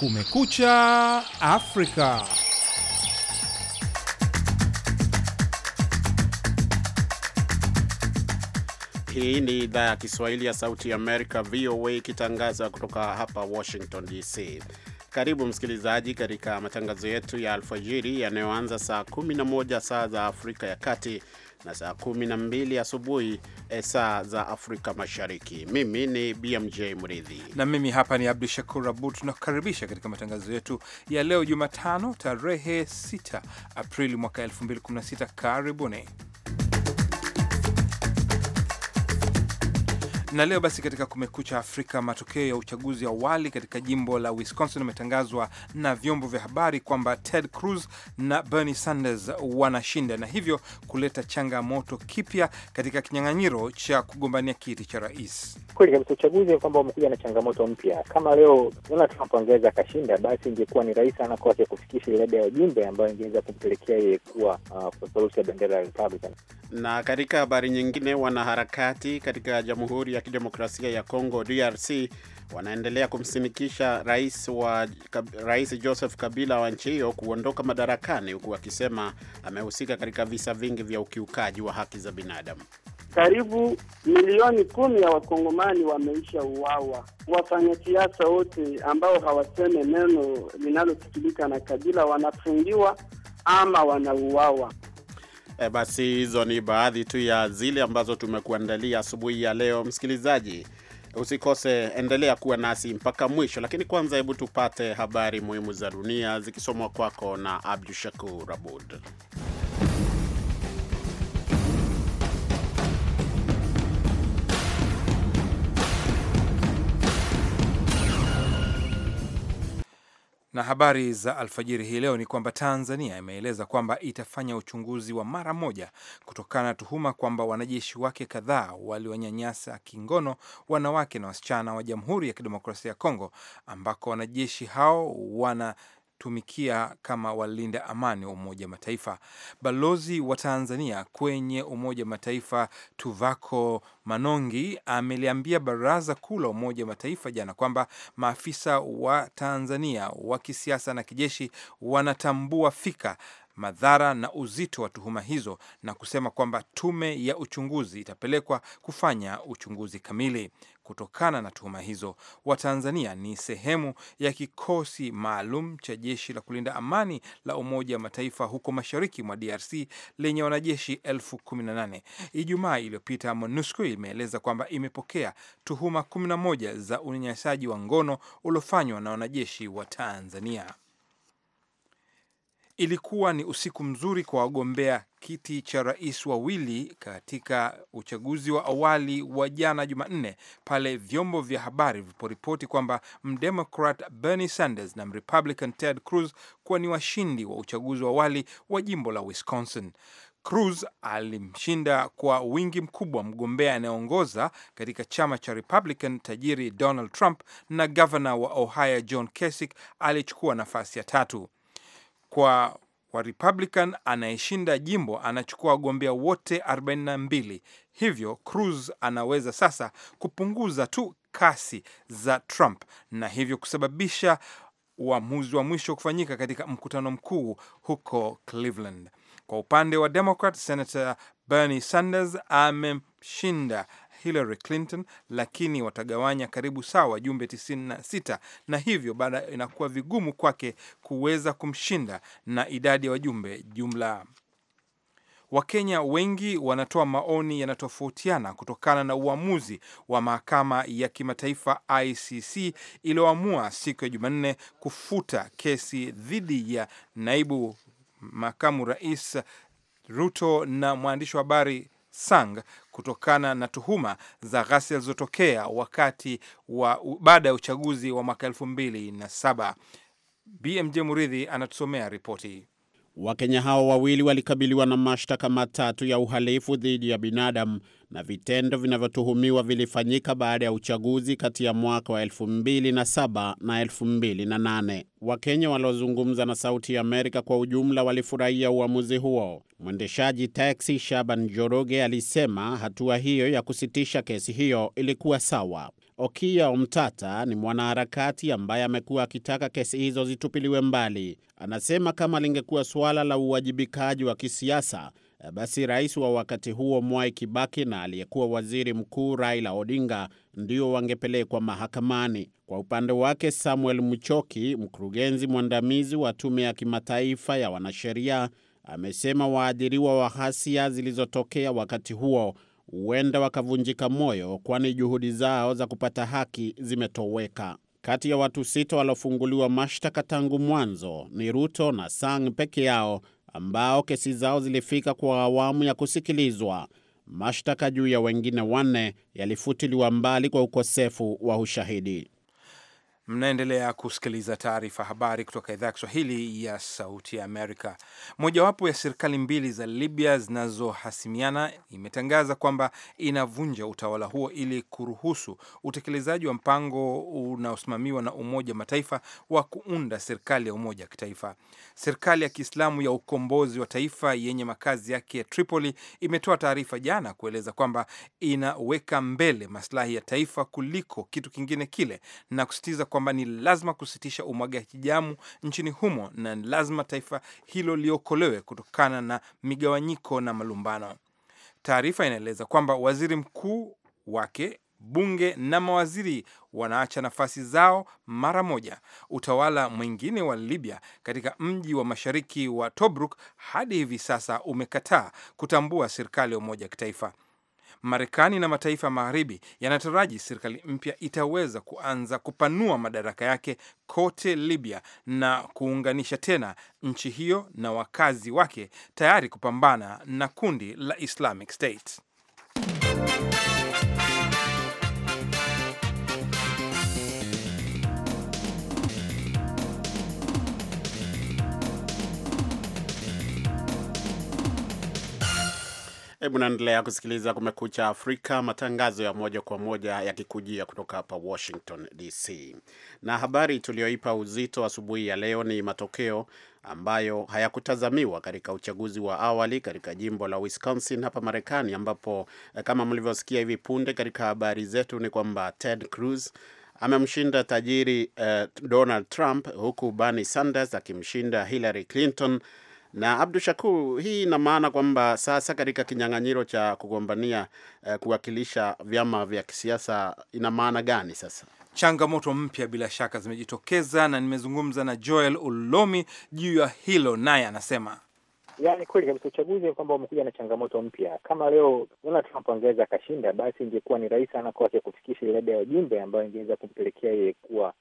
Kumekucha Afrika. Hii ni idhaa ya Kiswahili ya Sauti ya Amerika, VOA, ikitangaza kutoka hapa Washington DC. Karibu msikilizaji, katika matangazo yetu ya alfajiri yanayoanza saa 11 saa za Afrika ya Kati na saa kumi na mbili asubuhi eh, saa za Afrika Mashariki. Mimi ni BMJ Mridhi na mimi hapa ni Abdu Shakur Abud. Tunakukaribisha katika matangazo yetu ya leo Jumatano, tarehe 6 Aprili mwaka 2016. Karibuni. Na leo basi katika Kumekucha Afrika, matokeo ya uchaguzi awali katika jimbo la Wisconsin umetangazwa na vyombo vya habari kwamba Ted Cruz na Bernie Sanders wanashinda na hivyo kuleta changamoto kipya katika kinyang'anyiro cha kugombania kiti cha rais. Kweli kabisa, uchaguzi kwamba wamekuja na changamoto mpya. Kama leo Donald Trump angeweza akashinda, basi ingekuwa ni rais sana kwake kufikisha idadi ya ujumbe ambayo ingeweza kumpelekea yeye kuwa uh, ya bendera ya Republican. Na katika habari nyingine, wanaharakati katika jamhuri ya Kidemokrasia ya Kongo DRC wanaendelea kumsimikisha rais, wa, rais Joseph Kabila wa nchi hiyo kuondoka madarakani huku akisema amehusika katika visa vingi vya ukiukaji wa haki za binadamu. Karibu milioni kumi ya wakongomani wameisha uawa. Wafanyasiasa wote ambao hawaseme neno linalosikilika na Kabila wanafungiwa ama wanauawa. E, basi hizo ni baadhi tu ya zile ambazo tumekuandalia asubuhi ya leo. Msikilizaji, usikose, endelea kuwa nasi mpaka mwisho, lakini kwanza, hebu tupate habari muhimu za dunia zikisomwa kwako na Abdu Shakur Abud. Na habari za alfajiri hii leo ni kwamba Tanzania imeeleza kwamba itafanya uchunguzi wa mara moja kutokana na tuhuma kwamba wanajeshi wake kadhaa waliwanyanyasa kingono wanawake na wasichana wa Jamhuri ya Kidemokrasia ya Kongo, ambako wanajeshi hao wana tumikia kama walinda amani wa Umoja wa Mataifa. Balozi wa Tanzania kwenye Umoja wa Mataifa Tuvako Manongi ameliambia Baraza Kuu la Umoja wa Mataifa jana kwamba maafisa wa Tanzania wa kisiasa na kijeshi wanatambua fika madhara na uzito wa tuhuma hizo na kusema kwamba tume ya uchunguzi itapelekwa kufanya uchunguzi kamili kutokana na tuhuma hizo. Watanzania ni sehemu ya kikosi maalum cha jeshi la kulinda amani la Umoja wa Mataifa huko mashariki mwa DRC lenye wanajeshi elfu kumi na nane. Ijumaa iliyopita MONUSCO imeeleza kwamba imepokea tuhuma 11 za unyanyasaji wa ngono uliofanywa na wanajeshi wa Tanzania. Ilikuwa ni usiku mzuri kwa wagombea kiti cha rais wawili katika uchaguzi wa awali wa jana Jumanne, pale vyombo vya habari viliporipoti kwamba mdemokrat Bernie Sanders na mrepublican Ted Cruz kuwa ni washindi wa uchaguzi wa awali wa jimbo la Wisconsin. Cruz alimshinda kwa wingi mkubwa mgombea anayeongoza katika chama cha Republican tajiri Donald Trump, na gavana wa Ohio John Kasich aliyechukua nafasi ya tatu kwa wa Republican anayeshinda jimbo anachukua wagombea wote 42. Hivyo Cruz anaweza sasa kupunguza tu kasi za Trump na hivyo kusababisha uamuzi wa mwisho kufanyika katika mkutano mkuu huko Cleveland. Kwa upande wa Democrat, Senator Bernie Sanders amemshinda Hillary Clinton, lakini watagawanya karibu sawa wajumbe 96 na hivyo baada inakuwa vigumu kwake kuweza kumshinda na idadi ya wajumbe jumla. Wakenya wengi wanatoa maoni yanatofautiana kutokana na uamuzi wa mahakama ya kimataifa ICC iliyoamua siku ya Jumanne kufuta kesi dhidi ya naibu makamu rais Ruto na mwandishi wa habari Sang kutokana na tuhuma za ghasia zilizotokea wakati wa baada ya uchaguzi wa mwaka elfu mbili na saba. BMJ Muridhi anatusomea ripoti hii. Wakenya hao wawili walikabiliwa na mashtaka matatu ya uhalifu dhidi ya binadamu na vitendo vinavyotuhumiwa vilifanyika baada ya uchaguzi kati ya mwaka wa 2007 na 2008. Wakenya waliozungumza na Sauti ya Amerika kwa ujumla walifurahia uamuzi huo. Mwendeshaji taksi Shaban Joroge alisema hatua hiyo ya kusitisha kesi hiyo ilikuwa sawa okia Omtata ni mwanaharakati ambaye amekuwa akitaka kesi hizo zitupiliwe mbali. Anasema kama lingekuwa suala la uwajibikaji wa kisiasa, eh, basi rais wa wakati huo Mwai Kibaki na aliyekuwa waziri mkuu Raila Odinga ndio wangepelekwa mahakamani. Kwa upande wake, Samuel Muchoki, mkurugenzi mwandamizi wa tume ya kimataifa ya wanasheria, amesema waadhiriwa wa ghasia zilizotokea wakati huo huenda wakavunjika moyo, kwani juhudi zao za kupata haki zimetoweka. Kati ya watu sita waliofunguliwa mashtaka tangu mwanzo ni Ruto na Sang peke yao ambao kesi zao zilifika kwa awamu ya kusikilizwa. Mashtaka juu ya wengine wanne yalifutiliwa mbali kwa ukosefu wa ushahidi. Mnaendelea kusikiliza taarifa habari kutoka idhaa ya Kiswahili ya Sauti ya Amerika. Mojawapo ya serikali mbili za Libya zinazohasimiana imetangaza kwamba inavunja utawala huo ili kuruhusu utekelezaji wa mpango unaosimamiwa na Umoja wa Mataifa wa kuunda serikali ya umoja wa kitaifa. Serikali ya Kiislamu ya Ukombozi wa Taifa yenye makazi yake ya Tripoli imetoa taarifa jana kueleza kwamba inaweka mbele maslahi ya taifa kuliko kitu kingine kile na kusitiza kwa kwamba ni lazima kusitisha umwagaji damu nchini humo na ni lazima taifa hilo liokolewe kutokana na migawanyiko na malumbano. Taarifa inaeleza kwamba waziri mkuu wake bunge na mawaziri wanaacha nafasi zao mara moja. Utawala mwingine wa Libya katika mji wa mashariki wa Tobruk hadi hivi sasa umekataa kutambua serikali ya umoja wa kitaifa. Marekani na mataifa ya magharibi yanataraji serikali mpya itaweza kuanza kupanua madaraka yake kote Libya na kuunganisha tena nchi hiyo na wakazi wake tayari kupambana na kundi la Islamic State. hebu naendelea kusikiliza Kumekucha Afrika, matangazo ya moja kwa moja yakikujia kutoka hapa Washington DC. Na habari tuliyoipa uzito asubuhi ya leo ni matokeo ambayo hayakutazamiwa katika uchaguzi wa awali katika jimbo la Wisconsin hapa Marekani, ambapo eh, kama mlivyosikia hivi punde katika habari zetu ni kwamba Ted Cruz amemshinda tajiri uh, Donald Trump, huku Bernie Sanders akimshinda Hillary Clinton na Abdu Shakur, hii ina maana kwamba sasa katika kinyang'anyiro cha kugombania eh, kuwakilisha vyama vya kisiasa ina maana gani sasa? Changamoto mpya bila shaka zimejitokeza, na nimezungumza na Joel Ulomi juu ya hilo, naye anasema Yani kweli kabisa, uchaguzi kwamba umekuja na changamoto mpya. Kama leo Donald Trump angeweza akashinda, basi ingekuwa ni rahisi sana kwake kufikisha idadi ya wajumbe ambayo ingeweza kumpelekea yeye kuwa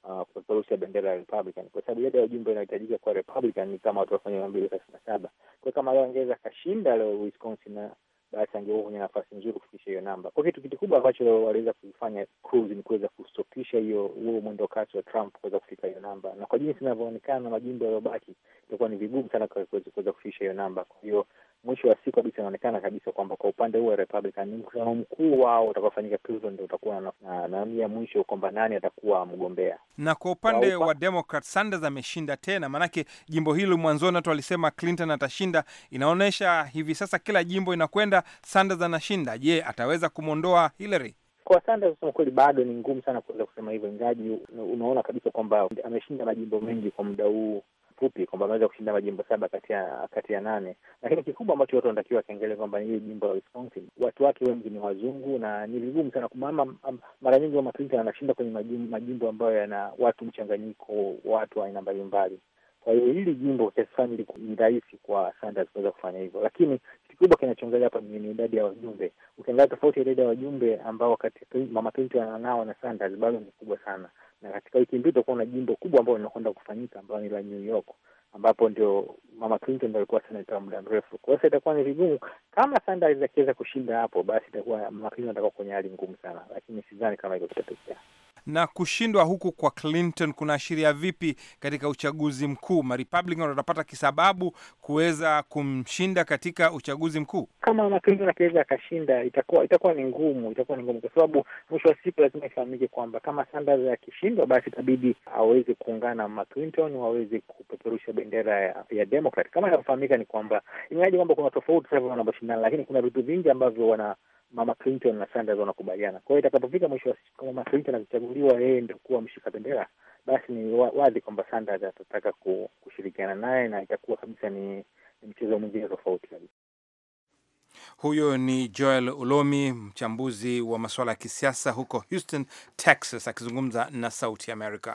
uh, bendera ya Republican, kwa sababu idadi ya wajumbe inahitajika kwa Republican ni kama watu wafanya mia mbili thelathini na saba. Kwa kama leo angeweza akashinda leo Wisconsin na basi angekuwa kwenye nafasi nzuri kufikisha hiyo namba. Kwa kitu kitu kubwa ambacho waliweza kufanya Cruz ni kuweza kustopisha hiyo huo mwendo kasi wa Trump kuweza kufika hiyo namba, na kwa jinsi inavyoonekana majimbo yaliyobaki itakuwa ni vigumu sana kuweza kufikisha hiyo namba. Kwa hiyo mwisho wa siku kabisa inaonekana kabisa kwamba kwa upande huo wa Republican mkutano mkuu wao utakaofanyika Cleveland ndio utakuwa na, na, na ya mwisho kwamba nani atakuwa mgombea. Na kwa upande wa Democrat, Sanders ameshinda tena, maanake jimbo hili mwanzoni watu walisema Clinton atashinda. Inaonyesha hivi sasa kila jimbo inakwenda Sanders anashinda. Je, ataweza kumwondoa Hillary? Kwa Sanders kusema kweli, bado ni ngumu sana kuweza kusema hivyo, ingaji unaona kabisa kwamba ameshinda majimbo mengi kwa muda huu fupi kwamba ameweza kushinda majimbo saba kati ya kati ya nane, lakini kikubwa ambacho watu wanatakiwa wakiangalia kwamba hili jimbo la Wisconsin watu wake wengi ni wazungu na ni vigumu sana mama, mara nyingi mama Clinton anashinda kwenye majimbo, ambayo yana watu mchanganyiko watu aina mbalimbali. Kwa hiyo hili jimbo kiasi fulani ni rahisi kwa Sanders kuweza kufanya hivyo, lakini kikubwa kinachoangalia hapa ni idadi ya wajumbe. Ukiangalia tofauti ya idadi ya wajumbe ambao wakati mama Clinton ananao na Sanders bado ni kubwa sana na katika wiki mbili tutakuwa na jimbo kubwa ambayo linakwenda kufanyika ambayo ni la New York, ambapo ndio mama Clinton alikuwa senata wa muda mrefu. Kwa hiyo itakuwa ni vigumu kama Sanders akiweza kushinda hapo, basi itakuwa mama Clinton atakuwa kwenye hali ngumu sana, lakini sidhani kama hivyo kitatokea na kushindwa huku kwa Clinton kunaashiria vipi katika uchaguzi mkuu? Marepublican watapata kisababu kuweza kumshinda katika uchaguzi mkuu? Kama Clinton akiweza akashinda, itakuwa itakuwa ni ngumu, itakuwa ni ngumu kwa sababu mwisho wa siku lazima ifahamike kwamba kama Sanders akishindwa, basi itabidi aweze kuungana na Clinton waweze kupeperusha bendera ya, ya Democrat. Kama inavyofahamika ni kwamba ingawaje kwamba kuna tofauti sasa wanavyoshindana, lakini kuna vitu vingi ambavyo wana mama Clinton na Sanders wanakubaliana. Kwa hiyo itakapofika mwisho wa siku, mama Clinton akichaguliwa yeye ndio kuwa mshika bendera, basi ni wazi kwamba Sanders atataka kushirikiana naye na itakuwa kabisa ni mchezo mwingine tofauti kabisa. Huyo ni Joel Ulomi, mchambuzi wa masuala ya kisiasa huko Houston, Texas, akizungumza na Sauti America.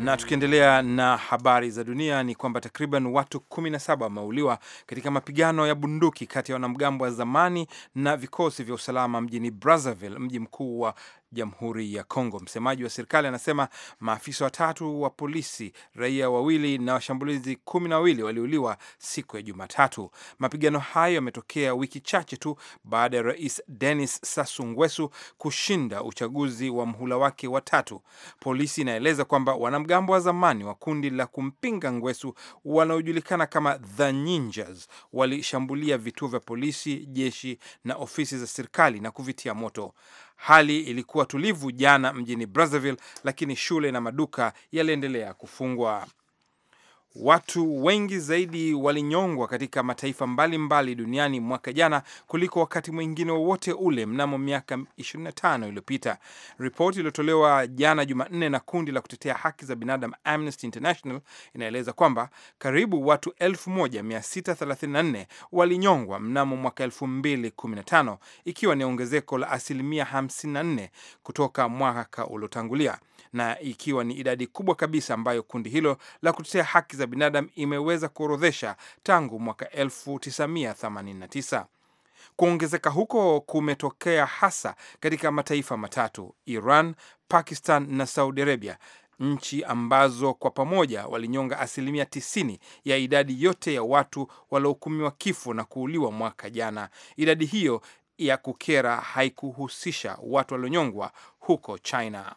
Na tukiendelea na habari za dunia ni kwamba takriban watu 17 wameuliwa katika mapigano ya bunduki kati ya wanamgambo wa zamani na vikosi vya usalama mjini Brazzaville, mji mkuu wa Jamhuri ya Kongo. Msemaji wa serikali anasema maafisa watatu wa polisi, raia wawili na washambulizi kumi na wawili waliuliwa siku ya Jumatatu. Mapigano hayo yametokea wiki chache tu baada ya rais Denis Sassou Nguesso kushinda uchaguzi wa mhula wake watatu. Polisi inaeleza kwamba wanamgambo wa zamani wa kundi la kumpinga Nguesso wanaojulikana kama The Ninjas walishambulia vituo vya polisi, jeshi na ofisi za serikali na kuvitia moto. Hali ilikuwa tulivu jana mjini Brazzaville, lakini shule na maduka yaliendelea kufungwa. Watu wengi zaidi walinyongwa katika mataifa mbalimbali mbali duniani mwaka jana kuliko wakati mwingine wowote ule mnamo miaka 25 iliyopita. Ripoti iliyotolewa jana Jumanne na kundi la kutetea haki za binadamu Amnesty International inaeleza kwamba karibu watu 1634 walinyongwa mnamo mwaka 2015 ikiwa ni ongezeko la asilimia 54 kutoka mwaka uliotangulia na ikiwa ni idadi kubwa kabisa ambayo kundi hilo la kutetea haki za binadamu imeweza kuorodhesha tangu mwaka 1989. Kuongezeka huko kumetokea hasa katika mataifa matatu: Iran, Pakistan na Saudi Arabia, nchi ambazo kwa pamoja walinyonga asilimia 90 ya idadi yote ya watu waliohukumiwa kifo na kuuliwa mwaka jana. Idadi hiyo ya kukera haikuhusisha watu walionyongwa huko China.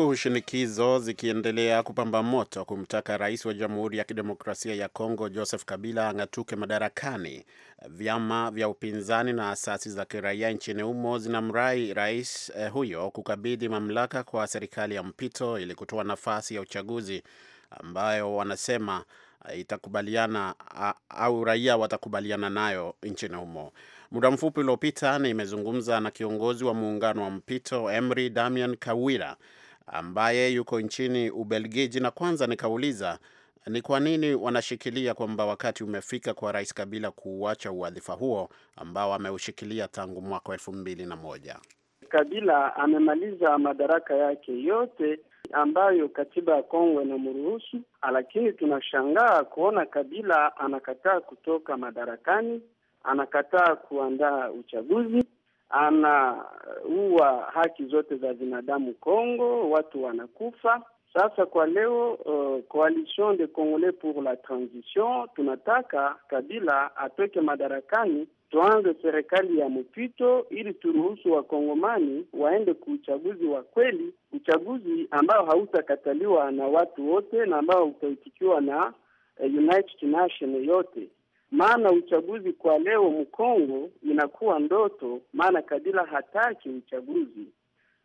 Huku shinikizo zikiendelea kupamba moto kumtaka rais wa Jamhuri ya Kidemokrasia ya Kongo Joseph Kabila ang'atuke madarakani, vyama vya upinzani na asasi za kiraia nchini humo zinamrai rais eh, huyo kukabidhi mamlaka kwa serikali ya mpito ili kutoa nafasi ya uchaguzi ambayo wanasema eh, itakubaliana au raia watakubaliana nayo nchini humo. Muda mfupi uliopita nimezungumza na kiongozi wa muungano wa mpito Emry Damian Kawira ambaye yuko nchini Ubelgiji, na kwanza nikauliza ni kwa nini wanashikilia kwamba wakati umefika kwa Rais Kabila kuuacha uwadhifa huo ambao ameushikilia tangu mwaka elfu mbili na moja. Kabila amemaliza madaraka yake yote ambayo katiba ya Kongo inamruhusu, lakini tunashangaa kuona Kabila anakataa kutoka madarakani, anakataa kuandaa uchaguzi anaua haki zote za binadamu Kongo, watu wanakufa. Sasa kwa leo uh, Coalition de Congolais pour la Transition tunataka Kabila atoke madarakani, tuanze serikali ya mpito ili turuhusu wakongomani waende kuuchaguzi wa kweli, uchaguzi ambao hautakataliwa na watu wote na ambao utaitikiwa na uh, United yote. Maana uchaguzi kwa leo Mkongo inakuwa ndoto, maana Kabila hataki uchaguzi.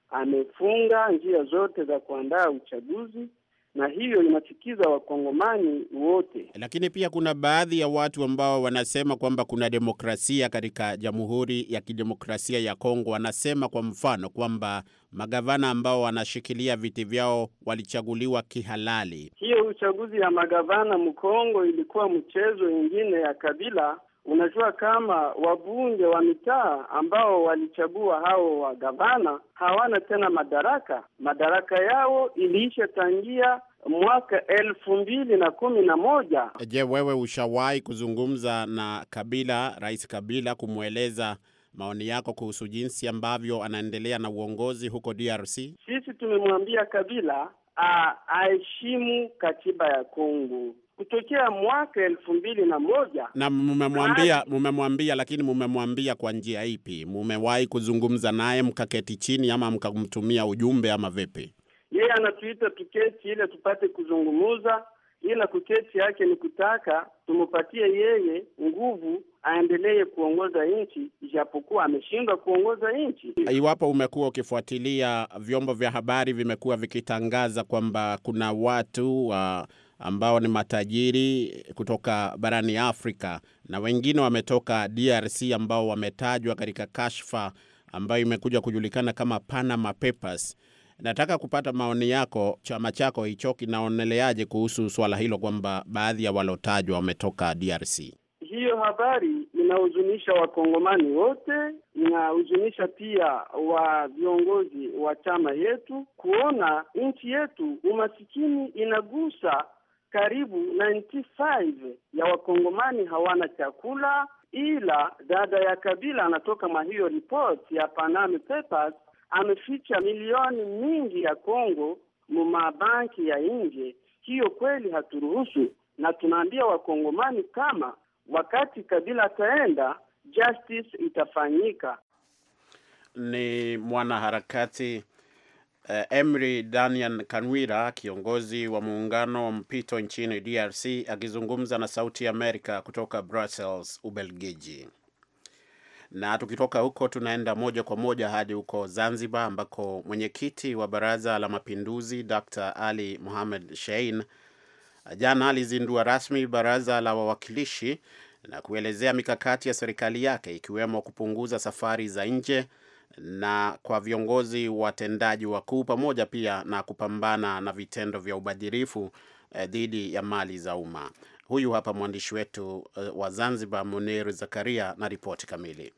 Amefunga njia zote za kuandaa uchaguzi na hiyo inachukiza wakongomani wote. Lakini pia kuna baadhi ya watu ambao wanasema kwamba kuna demokrasia katika Jamhuri ya Kidemokrasia ya Kongo. Wanasema kwa mfano kwamba magavana ambao wanashikilia viti vyao walichaguliwa kihalali. Hiyo uchaguzi ya magavana mkongo ilikuwa mchezo ingine ya kabila Unajua kama wabunge wa mitaa ambao walichagua hao wa gavana hawana tena madaraka. Madaraka yao iliisha tangia mwaka elfu mbili na kumi na moja. Je, wewe ushawahi kuzungumza na Kabila, Rais Kabila, kumweleza maoni yako kuhusu jinsi ambavyo anaendelea na uongozi huko DRC? Sisi tumemwambia Kabila aheshimu katiba ya Kongo kutokea mwaka elfu mbili na moja na mmemwambia mmemwambia lakini mumemwambia kwa njia ipi? Mumewahi kuzungumza naye mkaketi chini ama mkamtumia ujumbe ama vipi? Yeye anatuita tuketi ile tupate kuzungumza ila kuketi yake ni kutaka tumpatie yeye nguvu aendelee kuongoza nchi, ijapokuwa ameshindwa kuongoza nchi. Iwapo umekuwa ukifuatilia, vyombo vya habari vimekuwa vikitangaza kwamba kuna watu uh ambao ni matajiri kutoka barani Afrika na wengine wametoka DRC ambao wametajwa katika kashfa ambayo imekuja kujulikana kama Panama Papers. Nataka kupata maoni yako, chama chako hicho kinaoneleaje kuhusu swala hilo kwamba baadhi ya walotajwa wametoka DRC? Hiyo habari inahuzunisha wakongomani wote, inahuzunisha pia wa viongozi wa chama yetu kuona nchi yetu umasikini inagusa karibu 95 ya wakongomani hawana chakula, ila dada ya Kabila anatoka mwa hiyo ripoti ya Panama Papers ameficha milioni mingi ya Kongo mumabanki ya nje. Hiyo kweli haturuhusu, na tunaambia wakongomani kama wakati Kabila ataenda justice itafanyika. Ni mwanaharakati Eh, emry Daniel Kanwira, kiongozi wa muungano wa mpito nchini DRC, akizungumza na Sauti ya Amerika kutoka Brussels, Ubelgiji. Na tukitoka huko tunaenda moja kwa moja hadi huko Zanzibar, ambako mwenyekiti wa Baraza la Mapinduzi Dr Ali Mohamed Shein jana alizindua rasmi Baraza la Wawakilishi na kuelezea mikakati ya serikali yake ikiwemo kupunguza safari za nje na kwa viongozi watendaji wakuu pamoja pia na kupambana na vitendo vya ubadhirifu eh, dhidi ya mali za umma. Huyu hapa mwandishi wetu eh, wa Zanzibar Munir Zakaria na ripoti kamili.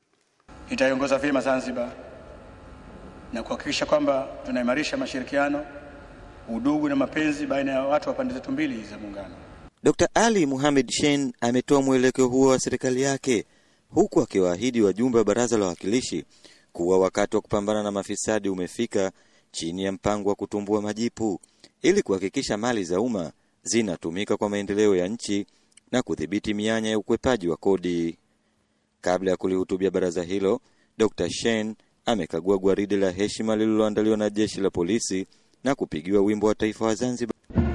Itaiongoza vyema Zanzibar na kuhakikisha kwamba tunaimarisha mashirikiano, udugu na mapenzi baina ya watu wa pande zetu mbili za Muungano. Dr. Ali Muhamed Shein ametoa mwelekeo huo wa serikali yake huku akiwaahidi wajumbe wa Baraza la Wawakilishi kuwa wakati wa kupambana na mafisadi umefika chini ya mpango wa kutumbua majipu ili kuhakikisha mali za umma zinatumika kwa maendeleo ya nchi na kudhibiti mianya ya ukwepaji wa kodi. Kabla ya kulihutubia baraza hilo, Dr. shen amekagua gwaridi la heshima lililoandaliwa na jeshi la polisi na kupigiwa wimbo wa taifa wa Zanzibar.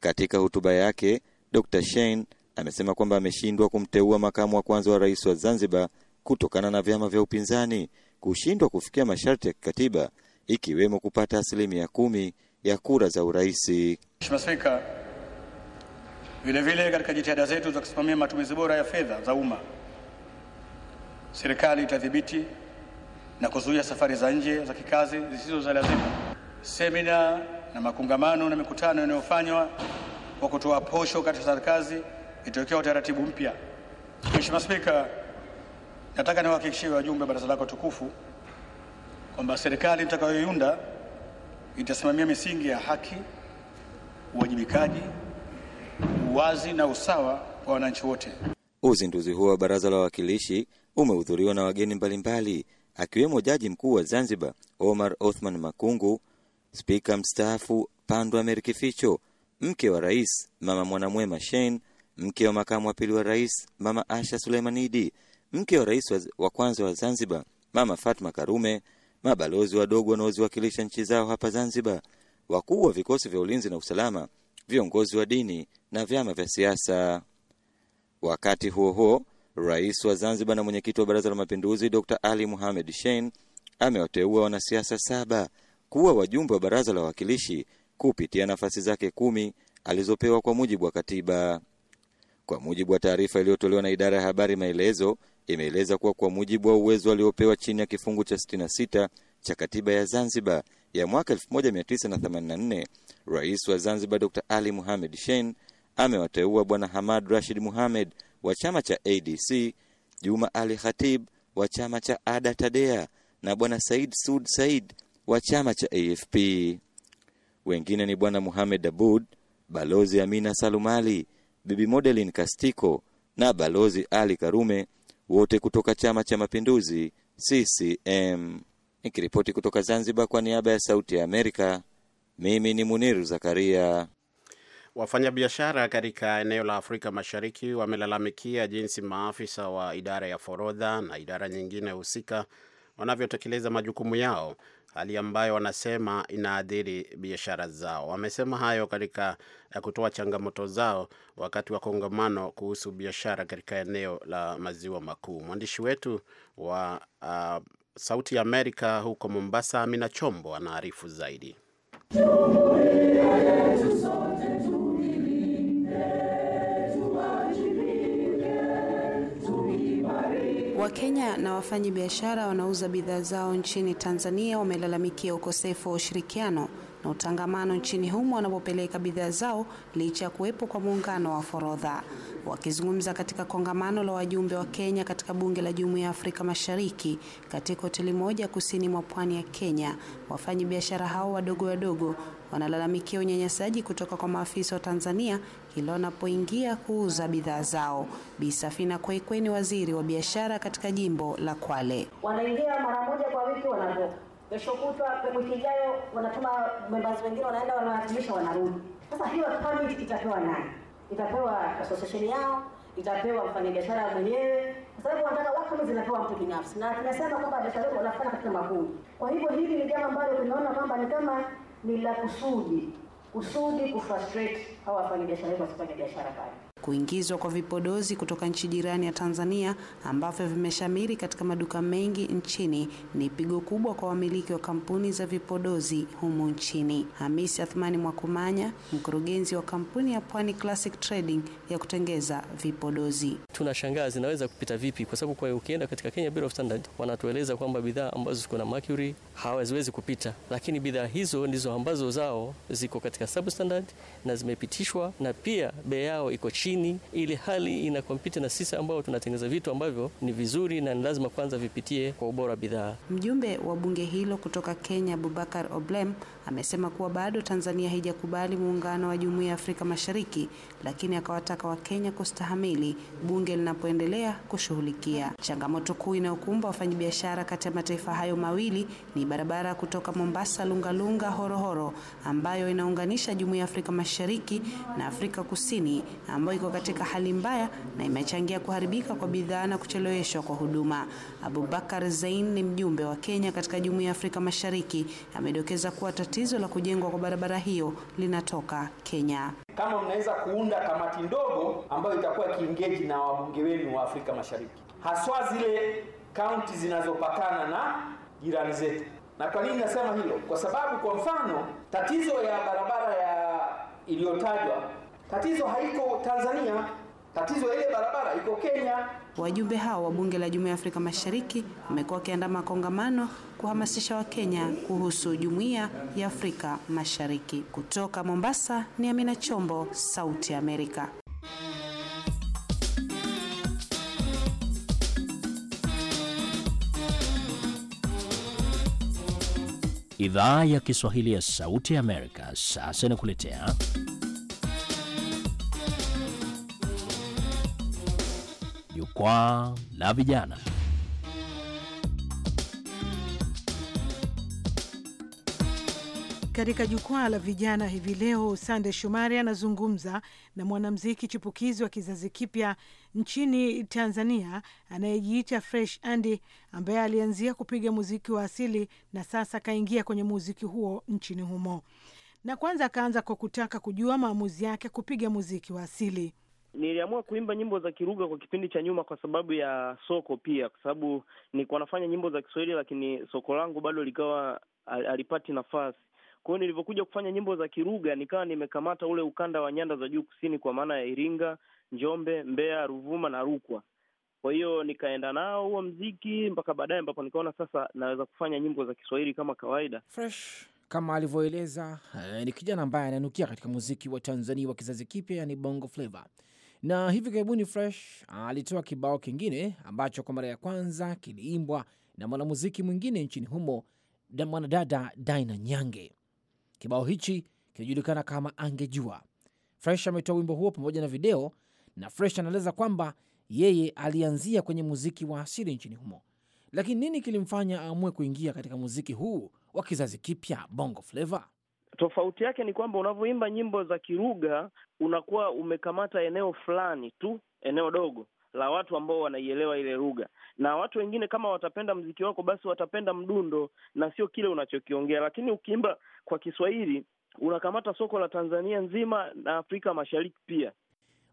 Katika hotuba yake, Dr. Shein amesema kwamba ameshindwa kumteua makamu wa kwanza wa rais wa Zanzibar kutokana na vyama vya upinzani kushindwa kufikia masharti ya kikatiba ikiwemo kupata asilimia kumi ya kura za urais. Mheshimiwa Spika, vilevile katika jitihada zetu za kusimamia matumizi bora ya fedha za umma, serikali itadhibiti na kuzuia safari za nje za kikazi zisizo za lazima. Semina na makongamano na mikutano inayofanywa kwa kutoa posho katika serikali itokea utaratibu mpya. Mheshimiwa Spika, nataka niwahakikishie wajumbe baraza lako tukufu kwamba serikali itakayoiunda itasimamia misingi ya haki, uwajibikaji, uwazi na usawa kwa wananchi wote. Uzinduzi huo wa baraza la wawakilishi umehudhuriwa na wageni mbalimbali akiwemo Jaji Mkuu wa Zanzibar Omar Othman Makungu Spika mstaafu Pandwa merikificho mke wa rais Mama Mwanamwema Shein, mke wa makamu wa pili wa rais Mama Asha Suleimanidi, mke wa rais wa kwanza wa Zanzibar Mama Fatma Karume, mabalozi wadogo wanaoziwakilisha nchi zao hapa Zanzibar, wakuu wa vikosi vya ulinzi na usalama, viongozi wa dini na vyama vya siasa. Wakati huo huo, rais wa Zanzibar na mwenyekiti wa Baraza la Mapinduzi Dr Ali muhamed Shein amewateua wanasiasa saba kuwa wajumbe wa baraza la wawakilishi kupitia nafasi zake kumi alizopewa kwa mujibu wa katiba. Kwa mujibu wa taarifa iliyotolewa na idara ya habari Maelezo, imeeleza kuwa kwa mujibu wa uwezo aliopewa chini ya kifungu cha 66 cha katiba ya Zanzibar ya mwaka 1984, rais wa Zanzibar Dr Ali muhamed Shein amewateua bwana Hamad Rashid muhamed wa chama cha ADC, Juma Ali Khatib wa chama cha ADA TADEA na bwana Said Sud Said wa chama cha AFP. Wengine ni Bwana muhamed Abud, Balozi Amina Salumali, Bibi Modelin Kastiko na Balozi Ali Karume, wote kutoka Chama cha Mapinduzi CCM. Nikiripoti kutoka Zanzibar kwa niaba ya Sauti ya Amerika, mimi ni Muniru Zakaria. Wafanyabiashara katika eneo la Afrika Mashariki wamelalamikia jinsi maafisa wa idara ya forodha na idara nyingine husika wanavyotekeleza majukumu yao, hali ambayo wanasema inaadhiri biashara zao. Wamesema hayo katika eh, kutoa changamoto zao wakati wa kongamano kuhusu biashara katika eneo la maziwa makuu. Mwandishi wetu wa uh, Sauti ya Amerika huko Mombasa, Amina Chombo anaarifu zaidi. Wakenya na wafanyi biashara wanauza bidhaa zao nchini Tanzania wamelalamikia ukosefu wa ushirikiano na utangamano nchini humo wanapopeleka bidhaa zao licha ya kuwepo kwa muungano wa forodha. Wakizungumza katika kongamano la wajumbe wa Kenya katika bunge la Jumuiya ya Afrika Mashariki katika hoteli moja kusini mwa pwani ya Kenya, wafanyi biashara hao wadogo wadogo wanalalamikia unyanyasaji kutoka kwa maafisa wa Tanzania kila wanapoingia kuuza bidhaa zao. Bi Safina Kwekwe ni waziri wa biashara katika jimbo la Kwale. Wanaingia mara moja kwa wiki, wanatoka kesho kutwa, wiki ijayo wanatuma members wengine, wanaenda wanawatimisha, wanarudi. Sasa hiyo permit itapewa nani? Itapewa association yao itapewa mfanyabiashara mwenyewe, kwa sababu wanataka wakama zinapewa mtu binafsi, na tunasema kwamba biashara zetu wanafanya katika makundi. Kwa hivyo hili ni jambo ambalo tunaona kwamba ni kama ni la kusudi kusudi kufrustrate hawa wafanyabiashara wetu wasifanye biashara pale kuingizwa kwa vipodozi kutoka nchi jirani ya Tanzania ambavyo vimeshamiri katika maduka mengi nchini ni pigo kubwa kwa wamiliki wa kampuni za vipodozi humu nchini. Hamisi Athmani Mwakumanya, mkurugenzi wa kampuni ya Pwani Classic Trading ya kutengeza vipodozi. Tunashangaa zinaweza kupita vipi, kwa sababu kwa ukienda katika Kenya Bureau of Standard wanatueleza kwamba bidhaa ambazo ziko na mercury hawaziwezi kupita, lakini bidhaa hizo ndizo ambazo zao ziko katika substandard na zimepitishwa na pia bei yao iko chini lakini ili hali ina kompyuta na sisi ambao tunatengeneza vitu ambavyo ni vizuri na ni lazima kwanza vipitie kwa ubora bidhaa. Mjumbe wa bunge hilo kutoka Kenya Abubakar Oblem amesema kuwa bado Tanzania haijakubali muungano wa Jumuiya ya Afrika Mashariki, lakini akawataka Wakenya kustahamili bunge linapoendelea kushughulikia changamoto kuu inayokumba wafanyabiashara kati ya mataifa hayo mawili ni barabara kutoka Mombasa Lungalunga Horohoro ambayo inaunganisha Jumuiya ya Afrika Mashariki na Afrika Kusini ambayo iko iko katika hali mbaya na imechangia kuharibika kwa bidhaa na kucheleweshwa kwa huduma. Abubakar Zain ni mjumbe wa Kenya katika Jumuiya ya Afrika Mashariki, amedokeza kuwa tatizo la kujengwa kwa barabara hiyo linatoka Kenya. Kama mnaweza kuunda kamati ndogo ambayo itakuwa kiingeji na wabunge wenu wa Afrika Mashariki, haswa zile kaunti zinazopakana na jirani zetu. Na kwa nini nasema hilo? Kwa sababu kwa mfano tatizo ya barabara ya iliyotajwa Tatizo haiko Tanzania, tatizo ile barabara iko Kenya. Wajumbe hao wa bunge la Jumuiya ya Afrika Mashariki wamekuwa wakiandama kongamano kuhamasisha Wakenya kuhusu Jumuiya ya Afrika Mashariki. Kutoka Mombasa ni Amina Chombo, Sauti Amerika. Idhaa ya Kiswahili ya Sauti Amerika sasa inakuletea Jukwaa la Vijana. Katika jukwaa la vijana hivi leo, Sande Shomari anazungumza na mwanamziki chipukizi wa kizazi kipya nchini Tanzania anayejiita Fresh Andy, ambaye alianzia kupiga muziki wa asili na sasa akaingia kwenye muziki huo nchini humo, na kwanza akaanza kwa kutaka kujua maamuzi yake kupiga muziki wa asili niliamua kuimba nyimbo za Kiruga kwa kipindi cha nyuma kwa sababu ya soko pia, kwa sababu nilikuwa nafanya nyimbo za Kiswahili lakini soko langu bado likawa alipati nafasi. Kwa hiyo nilivyokuja kufanya nyimbo za Kiruga nikawa nimekamata ule ukanda wa nyanda za juu kusini, kwa maana ya Iringa, Njombe, Mbeya, Ruvuma na Rukwa. Kwa hiyo nikaenda nao huo mziki mpaka baadaye ambapo nikaona sasa naweza kufanya nyimbo za Kiswahili kama kawaida. Fresh kama alivyoeleza, eh, ni kijana ambaye ananukia katika muziki wa Tanzania wa kizazi kipya, yani bongo flavor na hivi karibuni Fresh ah, alitoa kibao kingine ambacho kwa mara ya kwanza kiliimbwa na mwanamuziki mwingine nchini humo, mwanadada Dina Nyange. Kibao hichi kinajulikana kama Angejua. Fresh ametoa wimbo huo pamoja na video, na Fresh anaeleza kwamba yeye alianzia kwenye muziki wa asili nchini humo, lakini nini kilimfanya aamue kuingia katika muziki huu wa kizazi kipya, bongo flava? Tofauti yake ni kwamba unavyoimba nyimbo za kirugha unakuwa umekamata eneo fulani tu, eneo dogo la watu ambao wanaielewa ile lugha, na watu wengine kama watapenda mziki wako, basi watapenda mdundo na sio kile unachokiongea. Lakini ukiimba kwa Kiswahili unakamata soko la Tanzania nzima na Afrika Mashariki pia.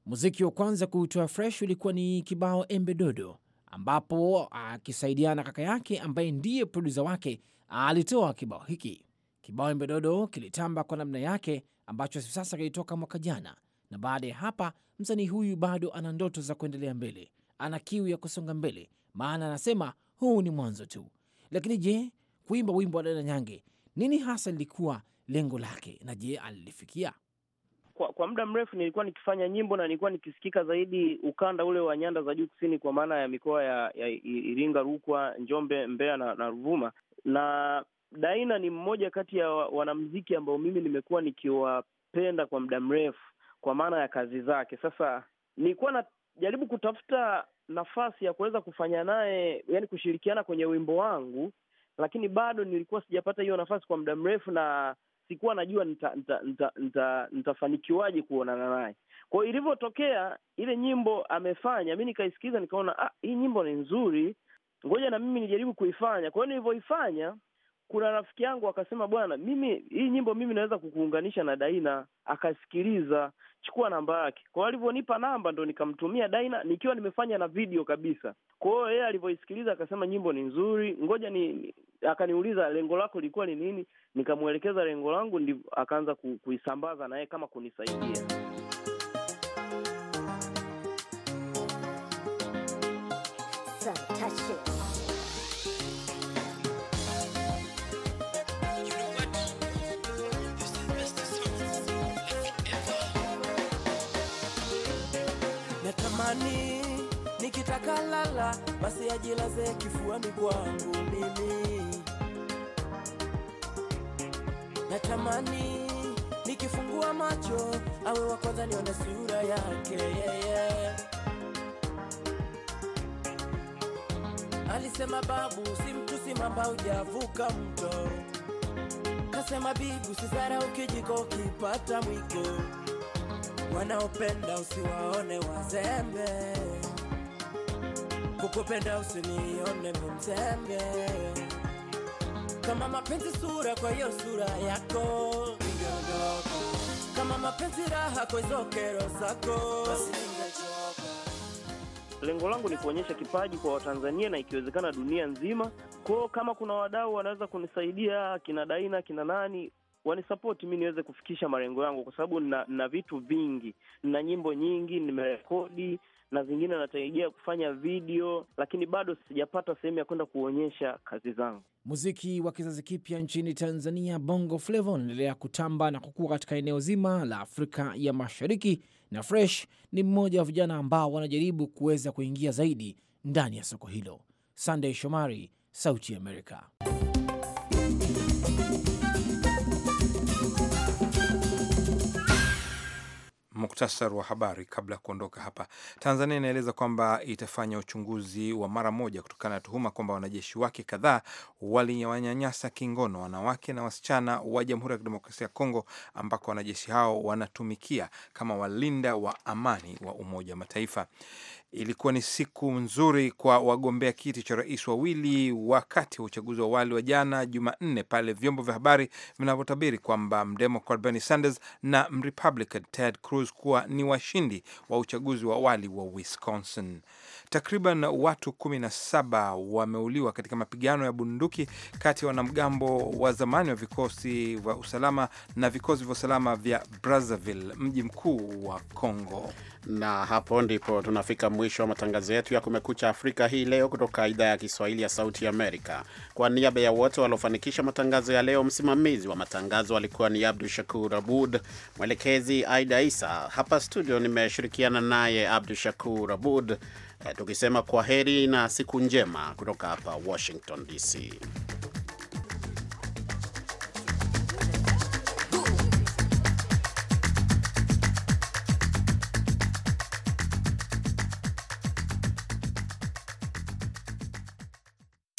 Muziki wa kwanza kuutoa fresh ulikuwa ni kibao embe dodo ambapo akisaidiana kaka yake ambaye ndiye produsa wake alitoa kibao hiki. Kibao mbedodo kilitamba kwa namna yake ambacho hivi sasa kilitoka mwaka jana, na baada ya hapa msanii huyu bado ana ndoto za kuendelea mbele, ana kiu ya kusonga mbele, maana anasema huu ni mwanzo tu. Lakini je, kuimba wimbo wa Dada Nyange, nini hasa lilikuwa lengo lake na je, alilifikia? Kwa, kwa muda mrefu nilikuwa nikifanya nyimbo na nilikuwa nikisikika zaidi ukanda ule wa nyanda za juu kusini, kwa maana ya mikoa ya, ya Iringa, Rukwa, Njombe, Mbeya na, na Ruvuma na Daina ni mmoja kati ya wanamziki ambao mimi nimekuwa nikiwapenda kwa muda mrefu kwa maana ya kazi zake. Sasa nilikuwa najaribu kutafuta nafasi ya kuweza kufanya naye, yani kushirikiana kwenye wimbo wangu, lakini bado nilikuwa sijapata hiyo nafasi kwa muda mrefu, na sikuwa najua nitafanikiwaje nita, nita, nita kuonana naye. Kwa hiyo ilivyotokea ile nyimbo amefanya, mi nikaisikiza, nikaona ah, hii nyimbo ni nzuri, ngoja na mimi nijaribu kuifanya. Kwa hiyo nilivyoifanya kuna rafiki yangu akasema, bwana, mimi hii nyimbo mimi naweza kukuunganisha na Daina. Akasikiliza, chukua namba yake. Kwa hiyo alivyonipa namba ndo nikamtumia Daina nikiwa nimefanya na video kabisa. Kwa hiyo yeye alivyoisikiliza akasema nyimbo ni nzuri, ngoja ni akaniuliza lengo lako lilikuwa ni nini, nikamwelekeza lengo langu, ndi akaanza kuisambaza na yeye kama kunisaidia. nikitaka lala basi ajilaze kifuani kwangu mimi. Natamani nikifungua macho awe wa kwanza nione sura yake yeye, yeah, yeah. Alisema babu si mtu simamba ujavuka mto, kasema bibu sizara ukijiko ukipata mwiko, wanaopenda usiwaone wazembe Kukupenda usinione mzembe, kama mapenzi sura kwa hiyo sura yako kama mapenzi raha kwa hizo kero zako. Lengo langu ni kuonyesha kipaji kwa Watanzania na ikiwezekana dunia nzima. Kwao kama kuna wadau wanaweza kunisaidia, kina Daina, kina nani wanisapoti mi niweze kufikisha malengo yangu, kwa sababu na, na vitu vingi, na nyimbo nyingi nimerekodi, na zingine natarajia kufanya video, lakini bado sijapata sehemu ya kwenda kuonyesha kazi zangu. Muziki wa kizazi kipya nchini Tanzania, Bongo Flava, unaendelea kutamba na kukua katika eneo zima la Afrika ya Mashariki, na Fresh ni mmoja wa vijana ambao wanajaribu kuweza kuingia zaidi ndani ya soko hilo. sandey Shomari, Sauti ya Amerika. muktasar wa habari kabla ya kuondoka hapa. Tanzania inaeleza kwamba itafanya uchunguzi wa mara moja kutokana na tuhuma kwamba wanajeshi wake kadhaa waliwanyanyasa kingono wanawake na wasichana wa Jamhuri ya Kidemokrasia ya Kongo, ambako wanajeshi hao wanatumikia kama walinda wa amani wa Umoja wa Mataifa. Ilikuwa ni siku nzuri kwa wagombea kiti cha rais wawili wakati wa uchaguzi wa awali wa jana Jumanne, pale vyombo vya habari vinavyotabiri kwamba mdemocrat Bernie Sanders na mrepublican Ted Cruz kuwa ni washindi wa uchaguzi wa awali wa Wisconsin. Takriban watu kumi na saba wameuliwa katika mapigano ya bunduki kati ya wanamgambo wa zamani wa vikosi vya usalama na vikosi vya usalama vya Brazzaville, mji mkuu wa Congo. Na hapo ndipo tunafika mwisho wa matangazo yetu ya Kumekucha Afrika hii leo kutoka idhaa ya Kiswahili ya Sauti Amerika. Kwa niaba ya wote waliofanikisha matangazo ya leo, msimamizi wa matangazo alikuwa ni Abdu Shakur Abud, mwelekezi Aida Isa. Hapa studio nimeshirikiana naye Abdu Shakur Abud eh, tukisema kwa heri na siku njema kutoka hapa Washington DC.